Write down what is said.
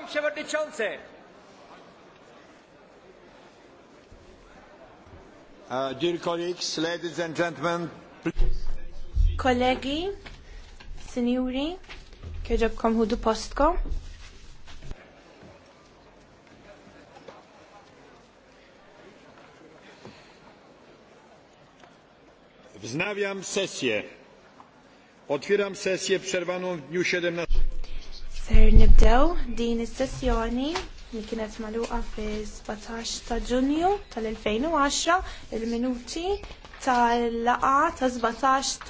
Pan Przewodniczący! Uh, dear colleagues, ladies and gentlemen, please. Colleghi, signori, che già come hudu postko. Wznawiam sesję. Otwieram sesję przerwaną w dniu 17. Ser nibdew din is-sessjoni li kienet magħluqa fi 17 ta' Ġunju tal-2010 il-minuti tal-laqa ta' 17 ta'